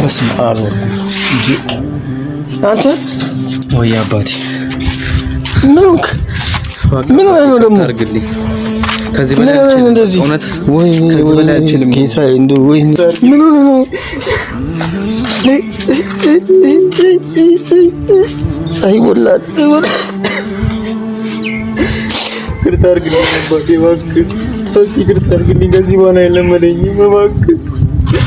በስመ አብ እንጂ አንተ ወይ አባቴ ምን ምን ሆነህ ነው ደግሞ? አድርግልኝ ከዚህ በላይ አልችልም። ምን ሆነህ ነው? አይ ይቅርታ አድርግልኝ አባቴ እባክህ፣ ይቅርታ አድርግልኝ። ከዚህ በኋላ የለመደኝም እባክህ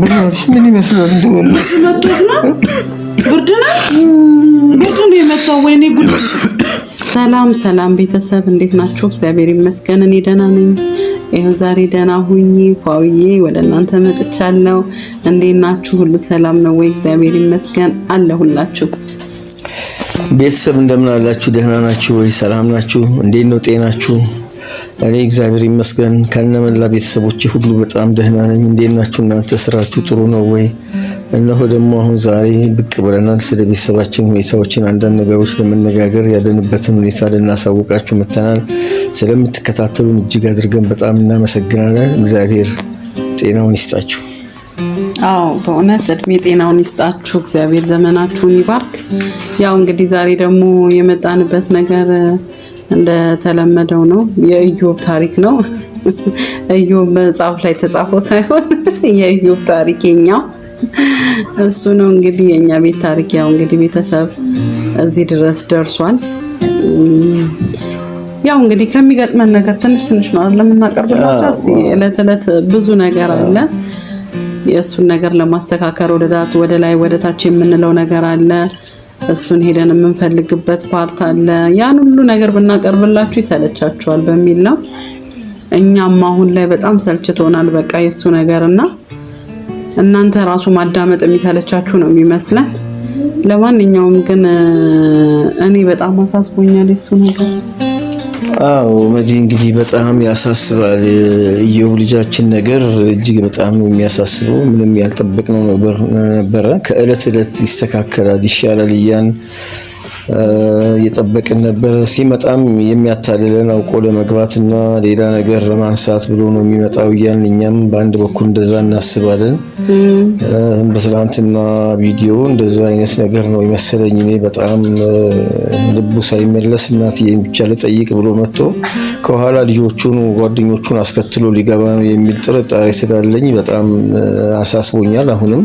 ብርናትሽ ምን ይመስላል? እንደበላሽ ብርድ ነው የመጣው ወይኔ ጉድ! ሰላም ሰላም ቤተሰብ እንዴት ናችሁ? እግዚአብሔር ይመስገን እኔ ደህና ነኝ። ይኸው ዛሬ ደህና ሁኝ ፏውዬ ወደ እናንተ መጥቻለሁ። እንዴት ናችሁ? ሁሉ ሰላም ነው ወይ? እግዚአብሔር ይመስገን አለሁላችሁ። ቤተሰብ እንደምን አላችሁ? ደህና ናችሁ ወይ? ሰላም ናችሁ? እንዴት ነው ጤናችሁ? እኔ እግዚአብሔር ይመስገን ከነመላ ቤተሰቦች ሁሉ በጣም ደህና ነኝ። እንዴት ናችሁ እናንተ? ስራችሁ ጥሩ ነው ወይ? እነሆ ደግሞ አሁን ዛሬ ብቅ ብለናል። ስለ ቤተሰባችን ሁኔታዎችን አንዳንድ ነገሮች ለመነጋገር ያለንበትን ሁኔታ ልናሳውቃችሁ መተናል። ስለምትከታተሉን እጅግ አድርገን በጣም እናመሰግናለን። እግዚአብሔር ጤናውን ይስጣችሁ። አዎ በእውነት እድሜ ጤናውን ይስጣችሁ። እግዚአብሔር ዘመናችሁን ይባርክ። ያው እንግዲህ ዛሬ ደግሞ የመጣንበት ነገር እንደተለመደው ነው። የእዮብ ታሪክ ነው። እዮብ መጽሐፍ ላይ ተጻፎ ሳይሆን የእዮብ ታሪክ የኛው እሱ ነው። እንግዲህ የእኛ ቤት ታሪክ ያው እንግዲህ ቤተሰብ እዚህ ድረስ ደርሷል። ያው እንግዲህ ከሚገጥመን ነገር ትንሽ ትንሽ ነው ለምናቀርብላቸው ዕለት ብዙ ነገር አለ። የእሱን ነገር ለማስተካከል ወደ ዳት ወደ ላይ ወደ ታች የምንለው ነገር አለ እሱን ሄደን የምንፈልግበት ፓርት አለ። ያን ሁሉ ነገር ብናቀርብላችሁ ይሰለቻችኋል በሚል ነው። እኛም አሁን ላይ በጣም ሰልችቶናል። በቃ የእሱ ነገር እና እናንተ ራሱ ማዳመጥ የሚሰለቻችሁ ነው የሚመስለን። ለማንኛውም ግን እኔ በጣም አሳስቦኛል የእሱ ነገር አዎ መዲ እንግዲህ በጣም ያሳስባል። እዮብ ልጃችን ነገር እጅግ በጣም የሚያሳስበው ምንም ያልጠበቅነው ነበረ። ከእለት እለት ይስተካከላል፣ ይሻላል እያን እየጠበቅን ነበር። ሲመጣም የሚያታልለን አውቆ ለመግባትና ሌላ ነገር ለማንሳት ብሎ ነው የሚመጣው እያልን እኛም በአንድ በኩል እንደዛ እናስባለን። በትናንትና ቪዲዮ እንደዛ አይነት ነገር ነው የመሰለኝ። እኔ በጣም ልቡ ሳይመለስ እናትዬን ብቻ ልጠይቅ ብሎ መጥቶ ከኋላ ልጆቹን፣ ጓደኞቹን አስከትሎ ሊገባ ነው የሚል ጥርጣሬ ስላለኝ በጣም አሳስቦኛል አሁንም።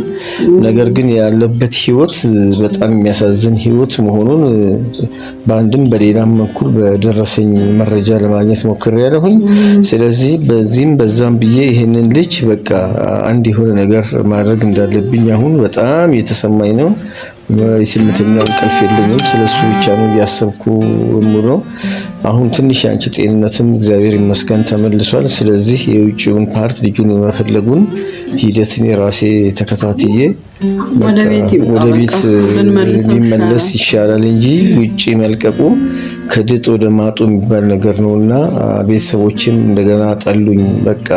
ነገር ግን ያለበት ህይወት በጣም የሚያሳዝን ህይወት መሆኑን በአንድም በሌላም በኩል በደረሰኝ መረጃ ለማግኘት ያለሁኝ ስለዚህ በዚህም በዛም ብዬ ይህንን ልጅ በቃ አንድ የሆነ ነገር ማድረግ እንዳለብኝ አሁን በጣም የተሰማኝ ነው። ስምንተኛ እንቅልፍ የለኝም። ስለሱ ብቻ ነው እያሰብኩ የምውለው። አሁን ትንሽ የአንቺ ጤንነትም እግዚአብሔር ይመስገን ተመልሷል። ስለዚህ የውጭውን ፓርት ልጁን የመፈለጉን ሂደትን የራሴ ተከታትዬ ወደ ቤት ሊመለስ ይሻላል እንጂ ውጭ መልቀቁ ከድጥ ወደ ማጡ የሚባል ነገር ነው እና ቤተሰቦችም እንደገና ጠሉኝ፣ በቃ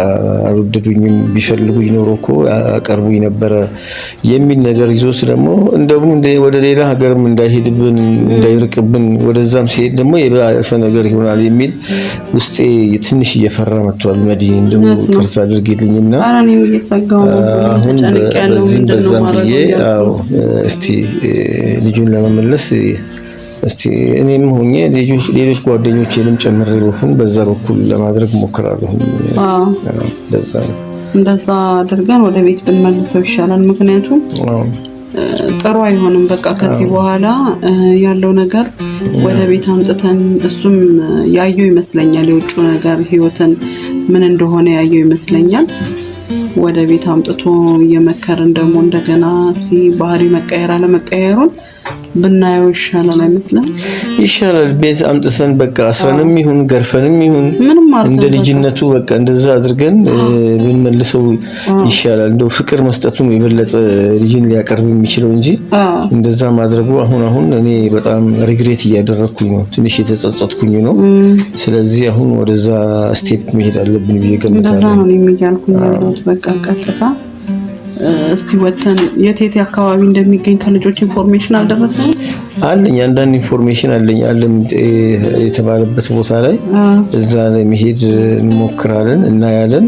አልወደዱኝም። ቢፈልጉኝ ኖሮ እኮ አቀርቡኝ ነበረ የሚል ነገር ይዞስ ደግሞ እንደውም ወደ ሌላ ሀገርም እንዳይሄድብን እንዳይርቅብን፣ ወደዛም ሲሄድ ደግሞ የባሰ ነገር ይሆናል የሚል ውስጤ ትንሽ እየፈራ መጥቷል። መዲ እንደው ቅርታ አድርጊልኝ እና አሁን በዚህም በዛም ብዬ እስቲ ልጁን ለመመለስ እስቲ እኔም ሆኜ ሌሎች ጓደኞቼንም ጨምር ቢሆን በዛ በኩል ለማድረግ ሞክራለሁ። እንደዛ አድርገን ወደ ቤት ብንመልሰው ይሻላል። ምክንያቱም ጥሩ አይሆንም። በቃ ከዚህ በኋላ ያለው ነገር ወደ ቤት አምጥተን እሱም ያየው ይመስለኛል፣ የውጭ ነገር ህይወትን ምን እንደሆነ ያየው ይመስለኛል። ወደ ቤት አምጥቶ እየመከርን ደግሞ እንደገና እስቲ ባህሪ መቀየር አለመቀየሩን ብናየው ይሻላል አይመስልም? ይሻላል። ቤት አምጥተን በቃ አስረንም ይሁን ገርፈንም ይሁን እንደ ልጅነቱ በቃ እንደዛ አድርገን ብንመልሰው ይሻላል። እንደው ፍቅር መስጠቱም የበለጠ ልጅን ሊያቀርብ የሚችለው እንጂ እንደዛ ማድረጉ አሁን አሁን እኔ በጣም ሪግሬት እያደረግኩኝ ነው፣ ትንሽ የተጸጸትኩኝ ነው። ስለዚህ አሁን ወደዛ ስቴፕ መሄድ አለብን ብዬ ገምታለሁ። እስቲ ወተን የቴቴ አካባቢ እንደሚገኝ ከልጆች ኢንፎርሜሽን አልደረሰም አለኝ። አንዳንድ ኢንፎርሜሽን አለኝ አለም የተባለበት ቦታ ላይ እዛ ላይ መሄድ እንሞክራለን፣ እናያለን።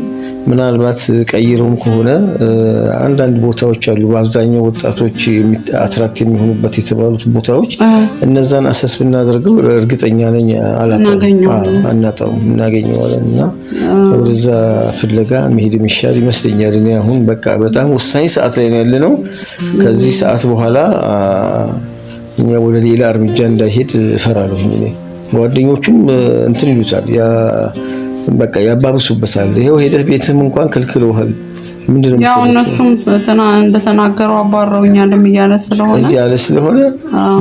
ምናልባት ቀይረውም ከሆነ አንዳንድ ቦታዎች አሉ። በአብዛኛው ወጣቶች አትራክት የሚሆኑበት የተባሉት ቦታዎች እነዛን አሰስ ብናደርገው እርግጠኛ ነኝ አናጣውም፣ እናገኘዋለን እና ወደዛ ፍለጋ መሄድ የሚሻል ይመስለኛል። እኔ አሁን በቃ በጣም ወሳኝ ሰዓት ላይ ነው ያለነው። ከዚህ ሰዓት በኋላ እኛ ወደ ሌላ እርምጃ እንዳይሄድ እፈራለሁ። ጓደኞቹም እንትን ይሉታል በቃ ያባብሱበታል። ይሄው ሄደህ ቤትም እንኳን ከልክለውሃል። ምንድነው ያው እነሱም እንደተናገረው አባረውኛልም እያለ ስለሆነ እያለ ስለሆነ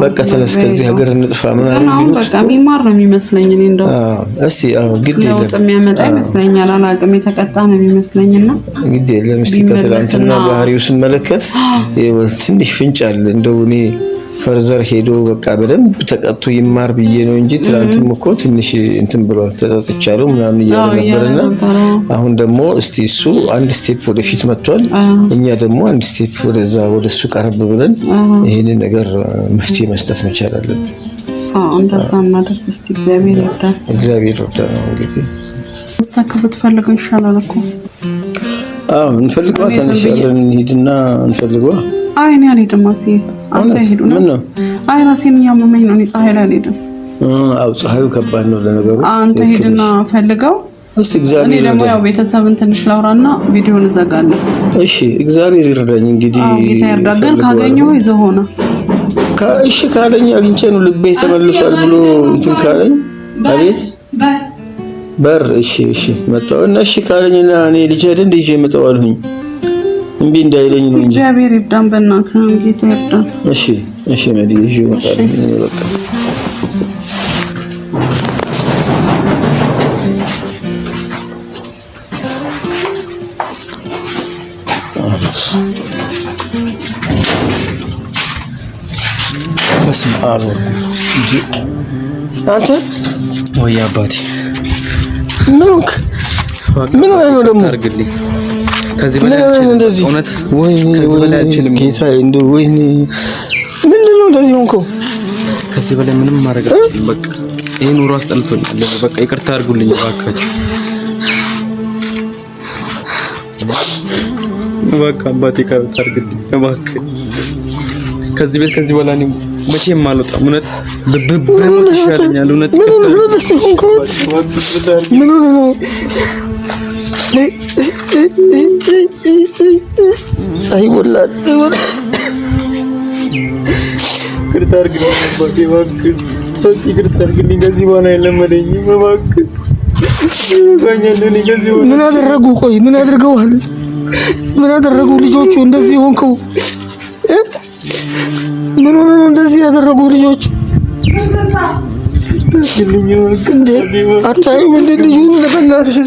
በቃ ተነስ ከዚህ ሀገር እንጥፋ ምናምን የሚሉት በቃ የሚማር ነው የሚመስለኝ። እኔ እንደው እስቲ አዎ፣ ግድ የለም ለውጥ የሚያመጣ ይመስለኛል። አላውቅም፣ የተቀጣ ነው የሚመስለኝና ግድ የለም። እስቲ ከትላንትና ባህሪው ስመለከት ትንሽ ፍንጭ አለ እንደው እኔ ፈርዘር ሄዶ በቃ በደንብ ተቀጥቶ ይማር ብዬ ነው እንጂ ትናንትም እኮ ትንሽ እንትን ብሏል፣ ተጠጥቻለሁ ምናምን እያለ ነበርና አሁን ደግሞ እስቲ እሱ አንድ ስቴፕ ወደፊት መጥቷል። እኛ ደግሞ አንድ ስቴፕ ወደዛ ወደ እሱ ቀረብ ብለን ይህንን ነገር መፍትሄ መስጠት መቻል አለብን። እንደዛ እናደርግ እስቲ። እግዚአብሔር ይርዳል፣ እግዚአብሔር ይርዳል። ነው እንግዲህ ስታክብት ትፈልገው ይሻላል እኮ እንፈልገዋ፣ ተነሻለን፣ እንሂድና እንፈልገዋ። አይ እኔ አልሄድም አስዬ አታሄዱ ነው? አይ ራሴን እያመመኝ ነው። እኔ ፀሐይ ላይ አልሄድም። አዎ ፀሐዩ ከባድ ነው ለነገሩ። አንተ ሄድና ፈልገው እስቲ እግዚአብሔር። እኔ ደግሞ ያው ቤተሰብን ትንሽ ላውራና ቪዲዮን እዘጋለሁ። እሺ እግዚአብሔር ይርዳኝ። እንግዲህ ጌታ ይርዳ። ግን ካገኘሁ ይዘህ ሆነ እሺ ካለኝ አግኝቼ ነው ልቤ ተመልሷል ብሎ እንትን ካለኝ አቤት በር እሺ እሺ መጣሁ እና እሺ ካለኝና እኔ ልጅ አይደል ይዤ እመጣዋለሁኝ እምቢ እንዳይለኝ ነው። እግዚአብሔር ይርዳን፣ በእናትህ ጌታ ይርዳን። እሺ፣ እሺ። መዲ እሺ፣ ወጣ በቃ አንተ ወይ አባቴ ምን ሆነህ ነው ደግሞ ከዚህ በላይ እንደዚህ እውነት ወይ ከዚህ በላይ አልችልም ጌታ ወይ ምንድን ነው እንደዚህ ሆንከው? ከዚህ በላይ ምንም ማድረግ አልችልም። በቃ ይሄ ኑሮ አስጠልቶኛል። በቃ ይቅርታ አድርጉልኝ እባካችሁ። በቃ አባቴ ይቅርታ አድርግልኝ እባክህ። ከዚህ ቤት ከዚህ በኋላ እኔ መቼም አልወጣም። እውነት በሞት ይሻለኛል። እውነት ምን ሆነህ ነው? አይሞላል ይቅርታ አድርግልኝ አባቴ እባክህ፣ ይቅርታ አድርግልኝ። ከዚህ በኋላ የለመደኝም እባክህ። ምን አደረጉ? ቆይ ምን አድርገዋል? ምን አደረጉ ልጆቹ? እንደዚህ ሆንከው? ምን ሆነ ነው እንደዚህ ያደረጉ ልጆች? አታዩም እንደ ልጁን ለበናትሽ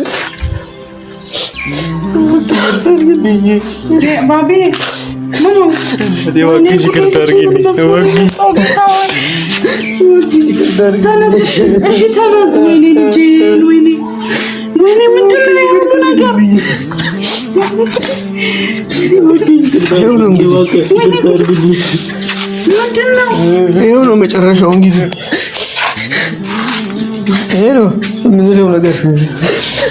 ይሄው ነው መጨረሻው። እንግዲህ ይሄ ነው የምንለው ነገር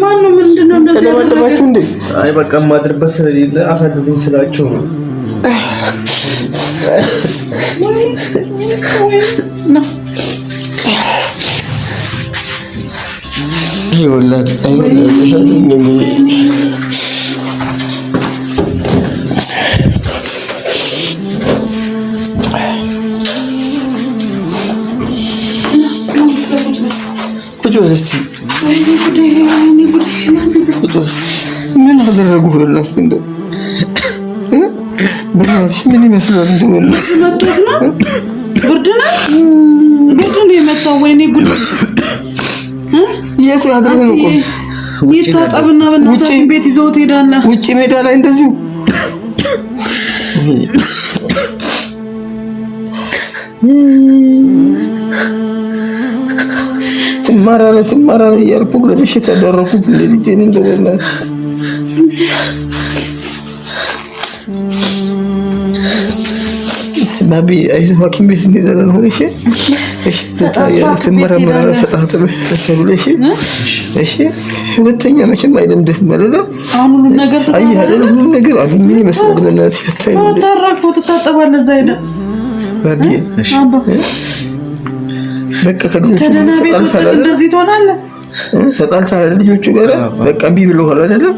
ማነው? ምንድን ነው እንደዚህ ያደረገው? እንዴ አይ በቃ የማድርበት ስለሌለ አሳድጉኝ ስላቸው ነው። ምን አደረጉ? ሁላት እንደ በናትሽ ምን ይመስላል? እንደ ወላሂ መቶት ብርድ ነው የመጣው። ወይኔ ጉድ! የት ያድርግ ነው? ይታጠብና በእናታችን ቤት ይዘው ትሄዳለ። ውጭ ሜዳ ላይ እንደዚሁ ማራለትን ማራለ እያልኩ ለበሽታ ያደረኩት ለልጄን እንደሌላት ናቢ አይዞህ ሐኪም ቤት እንሄዳለን። ነው። እሺ፣ እሺ፣ እሺ። ሁለተኛ መቼም አይለምድህም አይደለ? ሁሉን ነገር ሁሉ ነገር አግኝ ይመስላል። በእናትህ ተታጠባለህ እዛ ናቢ እሺ ከደህና እንደዚህ ትሆናለህ። ተጣልታ ልጆቹ ጋር በቃ እምቢ ብሎ አይደለም።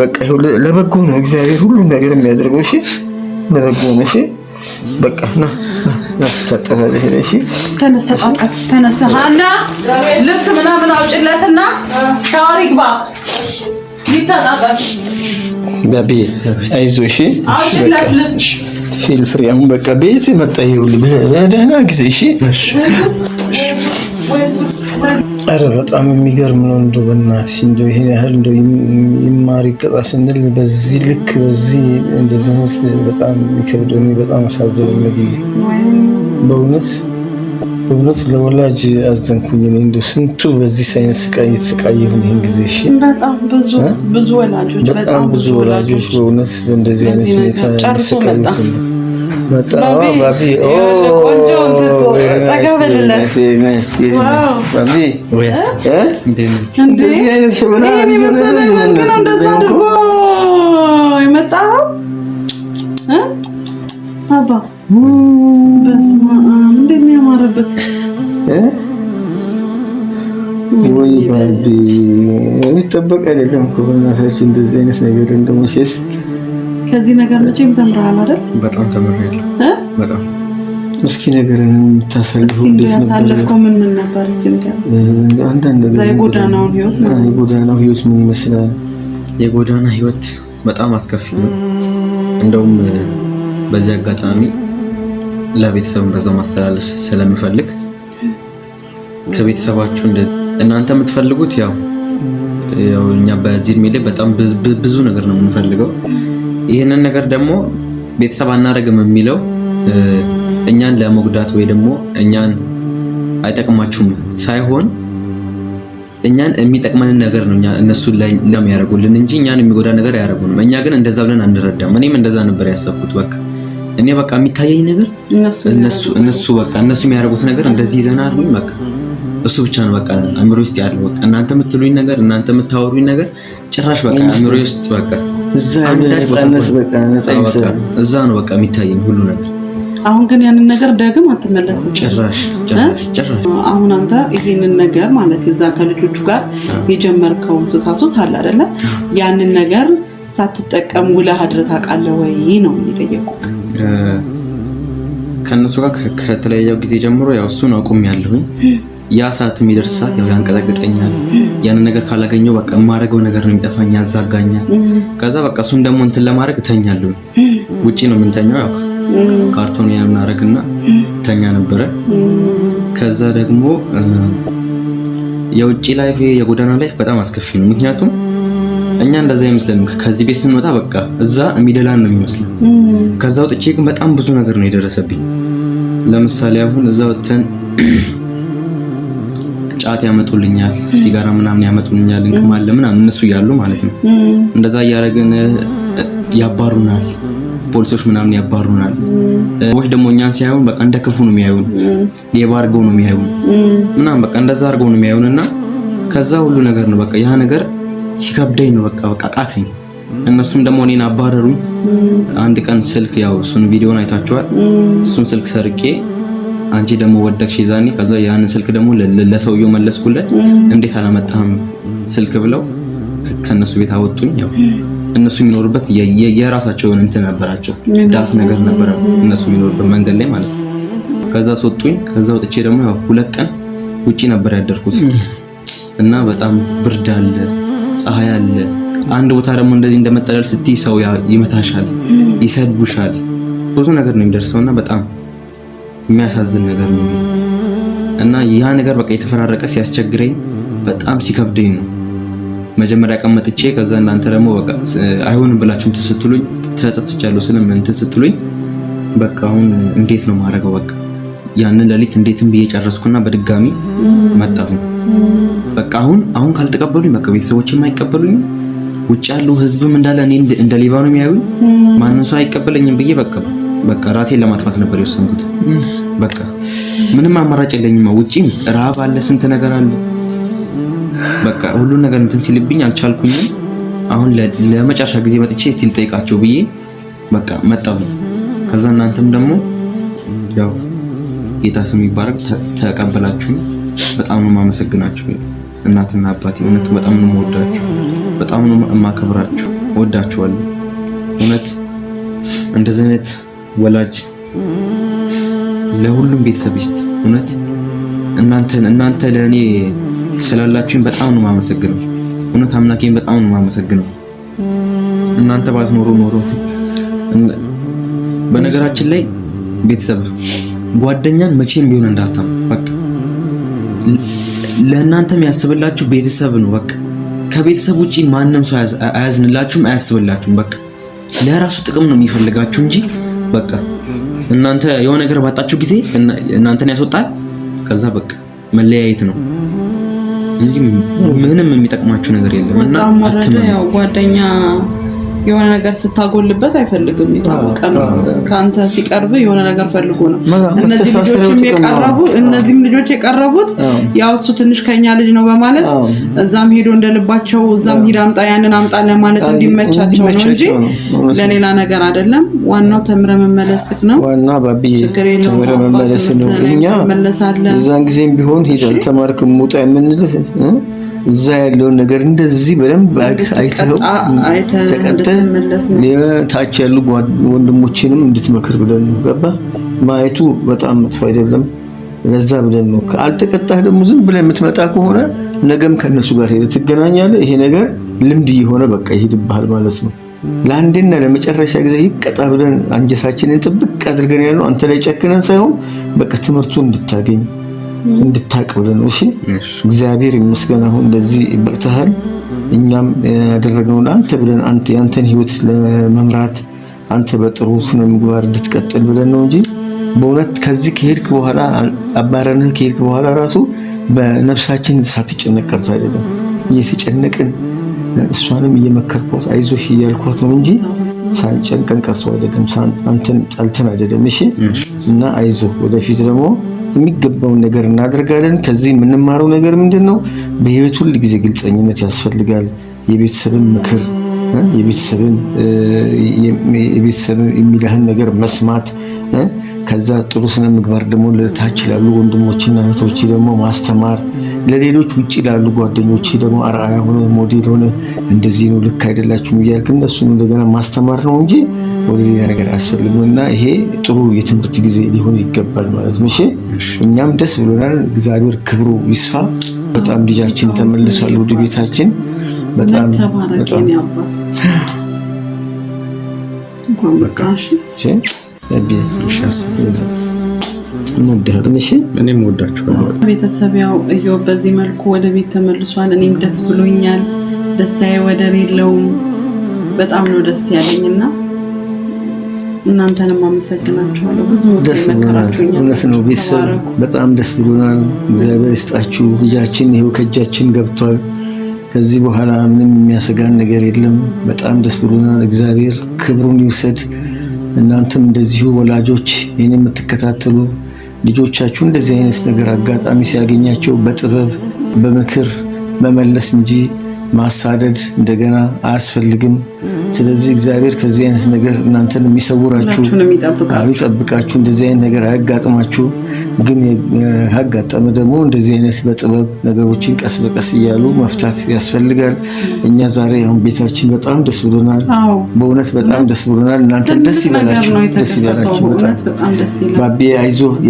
በቃ ለበጎ ነው እግዚአብሔር ሁሉም ነገር የሚያደርገው። እሺ ለበጎ ነው። እሺ በቃ ና ናስታጠበልህ ሄደ። እሺ ተነሰና ልብስ ምናምን አውጭለትና ሻወር ይግባ ፊል ፍሪ። አሁን በቃ ቤት መጣ ይኸውልህ፣ በደህና ጊዜ እሺ አረ በጣም የሚገርም ነው። እንደ በእናትሽ እንደ ይሄን ያህል እንደ ይማር ይቀጣ ስንል በዚህ ልክ በዚህ እንደዚህ በጣም የሚከብደው በጣም አሳዘነኝ። በእውነት በእውነት ለወላጅ አዘንኩኝ። እኔ እንደው ስንቱ በዚህ አይነት ስቃይ የተሰቃየ ሆነ ይህን ጊዜ። እሺ በጣም ብዙ ወላጆች በጣም ብዙ ወላጆች በእውነት እንደዚህ አይነት ሁኔታ ወይ ባቢ የሚጠበቅ አይደለም እኮ በእናታችሁ እንደዚህ አይነት ነገር እንደሞሽስ ከዚህ ነገር መቼም ተምረሃል አይደል? በጣም ተምሬያለሁ። በጣም እስኪ ነገርን የምታሳልፈው እንዴት ነበር? ምን ምን ነበር? እስኪ የጎዳናውን ህይወት የጎዳናው ህይወት ምን ይመስላል? የጎዳና ህይወት በጣም አስከፊ ነው። እንደውም በዚህ አጋጣሚ ለቤተሰብን በዛ ማስተላለፍ ስለምፈልግ ከቤተሰባችሁ እንደዚህ እናንተ የምትፈልጉት ያው ያው እኛ በዚህ እድሜ ላይ በጣም ብዙ ነገር ነው የምንፈልገው ይህንን ነገር ደግሞ ቤተሰብ አናደርግም የሚለው እኛን ለመጉዳት ወይ ደግሞ እኛን አይጠቅማችሁም ሳይሆን እኛን የሚጠቅመንን ነገር ነው እነሱ ለም ያደርጉልን እንጂ እኛን የሚጎዳ ነገር አያደርጉንም። እኛ ግን እንደዛ ብለን አንረዳም። እኔም እንደዛ ነበር ያሰብኩት። በቃ እኔ በቃ የሚታየኝ ነገር እነሱ በቃ እነሱ የሚያደርጉት ነገር እንደዚህ አሉኝ። በቃ እሱ ብቻ ነው በቃ አእምሮ ውስጥ ያለው በቃ እናንተ የምትሉኝ ነገር እናንተ የምታወሩኝ ነገር ጭራሽ በቃ አእምሮ ውስጥ በቃ እዛ ነው በቃ የሚታየኝ ሁሉ ነገር። አሁን ግን ያንን ነገር ደግም አትመለስም። ጭራሽ ጭራሽ አሁን አንተ ይሄንን ነገር ማለት የዛ ከልጆቹ ጋር የጀመርከው ሶሳሶስ አለ አይደለ? ያንን ነገር ሳትጠቀም ውለህ አድረህ ታውቃለህ ወይ ነው የጠየቁህ? ከእነሱ ጋር ከተለያየው ጊዜ ጀምሮ ያው እሱን አቁም ያለሁኝ ያ ሰዓት የሚደርስ ሰዓት ያው ያንቀጠቅጠኛል። ያንን ነገር ካላገኘው በቃ የማደርገው ነገር ነው የሚጠፋኝ፣ ያዛጋኛል። ከዛ በቃ እሱን ደግሞ እንትን ለማድረግ እተኛለሁ። ውጪ ነው የምንተኛው፣ ያው ካርቶን የምናደርግና ተኛ ነበረ። ከዛ ደግሞ የውጪ ላይፍ የጎዳና ላይፍ በጣም አስከፊ ነው። ምክንያቱም እኛ እንደዛ አይመስለንም። ከዚህ ቤት ስንወጣ በቃ እዛ የሚደላን ነው የሚመስለን። ከዛ ወጥቼ ግን በጣም ብዙ ነገር ነው የደረሰብኝ። ለምሳሌ አሁን እዛ ወጥተን ጫት ያመጡልኛል፣ ሲጋራ ምናምን ያመጡልኛል፣ እንቅማለን ምናምን እነሱ እያሉ ማለት ነው። እንደዛ እያደረግን ያባሩናል፣ ፖሊሶች ምናምን ያባሩናል። ሰዎች ደግሞ እኛን ሲያዩን በቃ እንደ ክፉ ነው የሚያዩን፣ ሌባ አድርገው ነው የሚያዩን ምናምን በቃ እንደዛ አድርገው ነው የሚያዩን እና ከዛ ሁሉ ነገር ነው በቃ ያ ነገር ሲከብደኝ ነው በቃ በቃ ቃተኝ። እነሱም ደግሞ እኔን አባረሩኝ። አንድ ቀን ስልክ ያው እሱን ቪዲዮን አይታችኋል። እሱን ስልክ ሰርቄ አንቺ ደግሞ ወደቅሽ ይዛኔ። ከዛ ያንን ስልክ ደግሞ ለሰውየው መለስኩለት። እንዴት አላመጣህም ስልክ ብለው ከነሱ ቤት አወጡኝ። ያው እነሱ የሚኖሩበት የራሳቸውን እንትን ነበራቸው፣ ዳስ ነገር ነበረ እነሱ የሚኖሩበት መንገድ ላይ ማለት ነው። ከዛ አስወጡኝ። ከዛ ወጥቼ ደግሞ ያው ሁለት ቀን ውጪ ነበር ያደርኩት እና በጣም ብርድ አለ፣ ፀሐይ አለ። አንድ ቦታ ደግሞ እንደዚህ እንደመጠለል ስትይ ሰው ይመታሻል፣ ይሰድቡሻል፣ ብዙ ነገር ነው የሚደርሰውና በጣም የሚያሳዝን ነገር ነው እና ያ ነገር በቃ የተፈራረቀ ሲያስቸግረኝ በጣም ሲከብደኝ ነው መጀመሪያ ቀመጥቼ ከዛ እናንተ ደግሞ በቃ አይሆንም ብላችሁ እንትን ስትሉኝ ተጸጽቻለሁ። ስለም እንትን ስትሉኝ በቃ አሁን እንዴት ነው ማድረገው? በቃ ያንን ሌሊት እንዴትም ብዬ ጨረስኩና በድጋሚ መጣሁ። በቃ አሁን አሁን ካልተቀበሉኝ በቃ ቤተሰቦች የማይቀበሉኝ ውጭ ያለው ህዝብም እንዳለ እኔ እንደ ሌባ ነው የሚያዩኝ፣ ማንም ሰው አይቀበለኝም ብዬ በቃ በቃ ራሴን ለማጥፋት ነበር የወሰንኩት። በቃ ምንም አማራጭ የለኝማ። ውጪም ረሃብ አለ፣ ስንት ነገር አለ። በቃ ሁሉን ነገር እንትን ሲልብኝ አልቻልኩኝም። አሁን ለመጨረሻ ጊዜ መጥቼ እስቲ ልጠይቃቸው ብዬ በቃ መጣሁ። ከዛ እናንተም ደግሞ ያው ጌታ ስም ይባረክ ተቀበላችሁ። በጣም ነው የማመሰግናችሁ። እናትና አባቴ እውነት በጣም ነው የምወዳችሁ፣ በጣም ነው የማከብራችሁ። እወዳችኋለሁ እውነት እንደዚህ አይነት ወላጅ ለሁሉም ቤተሰብ ይስጥ። እውነት እናንተን እናንተ ለእኔ ስላላችሁኝ በጣም ነው የማመሰግነው። እውነት አምላኬን በጣም ነው የማመሰግነው። እናንተ ባትኖሩ ኖሮ በነገራችን ላይ ቤተሰብ ጓደኛን መቼም ቢሆን እንዳታም በቃ ለእናንተ የሚያስብላችሁ ቤተሰብ ነው። በቃ ከቤተሰብ ውጪ ማንም ሰው አያዝንላችሁም፣ አያስብላችሁም። በቃ ለራሱ ጥቅም ነው የሚፈልጋችሁ እንጂ በቃ እናንተ የሆነ ነገር ባጣችሁ ጊዜ እናንተን ያስወጣል። ከዛ በቃ መለያየት ነው እንጂ ምንም የሚጠቅማችሁ ነገር የለም እና ጓደኛ የሆነ ነገር ስታጎልበት አይፈልግም። የታወቀ ነው። ከአንተ ሲቀርብ የሆነ ነገር ፈልጎ ነው። እነዚህ ልጆችም የቀረቡ እነዚህም ልጆች የቀረቡት ያው እሱ ትንሽ ከኛ ልጅ ነው በማለት እዛም ሄዶ እንደልባቸው እዛም ሂድ አምጣ፣ ያንን አምጣ ለማለት እንዲመቻቸው ነው እንጂ ለሌላ ነገር አይደለም። ዋናው ተምረ መመለስክ ነው። ዋና ባብዬ ተምረ መመለስ ነው። እኛ እዛን ጊዜም ቢሆን ሂድ ተማርክ ሙጣ የምንልህ እዛ ያለውን ነገር እንደዚህ በደንብ አይተኸው ተቀጠ ታች ያሉ ወንድሞችንም እንድትመክር ብለን ነው። ገባ ማየቱ በጣም መጥፎ አይደለም። ለዛ ብለን ነው። አልተቀጣህ ደግሞ ዝም ብለህ የምትመጣ ከሆነ ነገም ከእነሱ ጋር ሄደ ትገናኛለህ። ይሄ ነገር ልምድ እየሆነ በቃ ይሄድብሃል ማለት ነው። ለአንድና ለመጨረሻ ጊዜ ይቀጣ ብለን አንጀታችንን ጥብቅ አድርገን ያለው አንተ ላይ ጨክነን ሳይሆን በቃ ትምህርቱን እንድታገኝ እንድታቅ ብለን ነው። እሺ እግዚአብሔር ይመስገን አሁን ለዚህ በቅተሃል። እኛም ያደረግነውን አንተ ብለን አንተ ያንተን ህይወት ለመምራት አንተ በጥሩ ስነ ምግባር እንድትቀጥል ብለን ነው እንጂ በእውነት ከዚህ ከሄድክ በኋላ አባረንህ ከሄድክ በኋላ ራሱ በነፍሳችን ሳትጨነቅ ቀርታ አይደለም። እየተጨነቅን እሷንም እየመከርኳት አይዞሽ እያልኳት ነው እንጂ ሳንጨንቀን ቀርቶ አይደለም። አንተን ጠልተን አይደለም። እሺ እና አይዞ ወደፊት ደግሞ የሚገባውን ነገር እናደርጋለን። ከዚህ የምንማረው ነገር ምንድን ነው? በህይወት ሁል ጊዜ ግልጸኝነት ያስፈልጋል። የቤተሰብን ምክር፣ የቤተሰብን የሚልህን ነገር መስማት፣ ከዛ ጥሩ ስነ ምግባር ደግሞ ለታች ላሉ ወንድሞችና እህቶች ደግሞ ማስተማር ለሌሎች ውጭ ላሉ ጓደኞች ደግሞ አርአያ ሆነ ሞዴል ሆነ እንደዚህ ነው ልክ አይደላችሁም እያልክ እነሱን እንደገና ማስተማር ነው እንጂ ወደሌላ ነገር አያስፈልግም እና ይሄ ጥሩ የትምህርት ጊዜ ሊሆን ይገባል ማለት ነው። እኛም ደስ ብሎናል። እግዚአብሔር ክብሩ ይስፋ። በጣም ልጃችን ተመልሷል ወደ ቤታችን። በጣም እኔም ወዳችኋለሁ ቤተሰብ። ያው እዮብ በዚህ መልኩ ወደ ቤት ተመልሷል። እኔም ደስ ብሎኛል። ደስታዬ ወደር የለውም። በጣም ነው ደስ ያለኝና እናንተንም አመሰግናችኋለሁ። ብዙ ደስ እውነት ነው። ቤተሰብ በጣም ደስ ብሎናል። እግዚአብሔር ይስጣችሁ። ልጃችን ይኸው ከእጃችን ገብቷል። ከዚህ በኋላ ምንም የሚያሰጋን ነገር የለም። በጣም ደስ ብሎናል። እግዚአብሔር ክብሩን ይውሰድ። እናንተም እንደዚሁ ወላጆች ይህን የምትከታተሉ ልጆቻችሁ እንደዚህ አይነት ነገር አጋጣሚ ሲያገኛቸው በጥበብ በምክር መመለስ እንጂ ማሳደድ እንደገና አያስፈልግም። ስለዚህ እግዚአብሔር ከዚህ አይነት ነገር እናንተን የሚሰውራችሁ ይጠብቃችሁ፣ እንደዚህ አይነት ነገር አያጋጥማችሁ። ግን ያጋጠመ ደግሞ እንደዚህ አይነት በጥበብ ነገሮችን ቀስ በቀስ እያሉ መፍታት ያስፈልጋል። እኛ ዛሬ አሁን ቤታችን በጣም ደስ ብሎናል። በእውነት በጣም ደስ ብሎናል። እናንተ ደስ ይበላችሁ፣ ደስ ይበላችሁ። በጣም ባቤ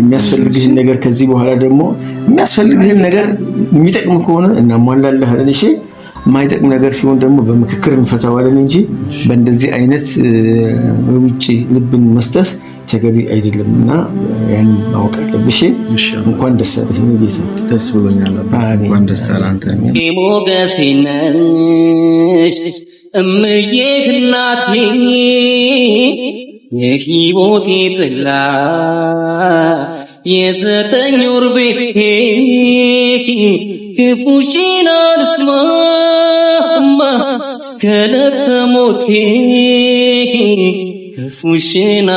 የሚያስፈልግህን ነገር ከዚህ በኋላ ደግሞ የሚያስፈልግህን ነገር የሚጠቅም ከሆነ እናሟላለህ። የማይጠቅም ነገር ሲሆን ደግሞ በምክክር እንፈታዋለን እንጂ በእንደዚህ አይነት ውጭ ልብን መስጠት ተገቢ አይደለም እና ያን ማወቅ አለብሽ። እንኳን ደስ አለሽ የእኔ ጌታ። ደስ ብሎኛል። እንኳን እምዬ እናቴ የሕይወቴ ጥላ የዘጠኝ ወር ቤቴ ክፉሽን እስከ ዕለተ ሞቴ ክፉሽን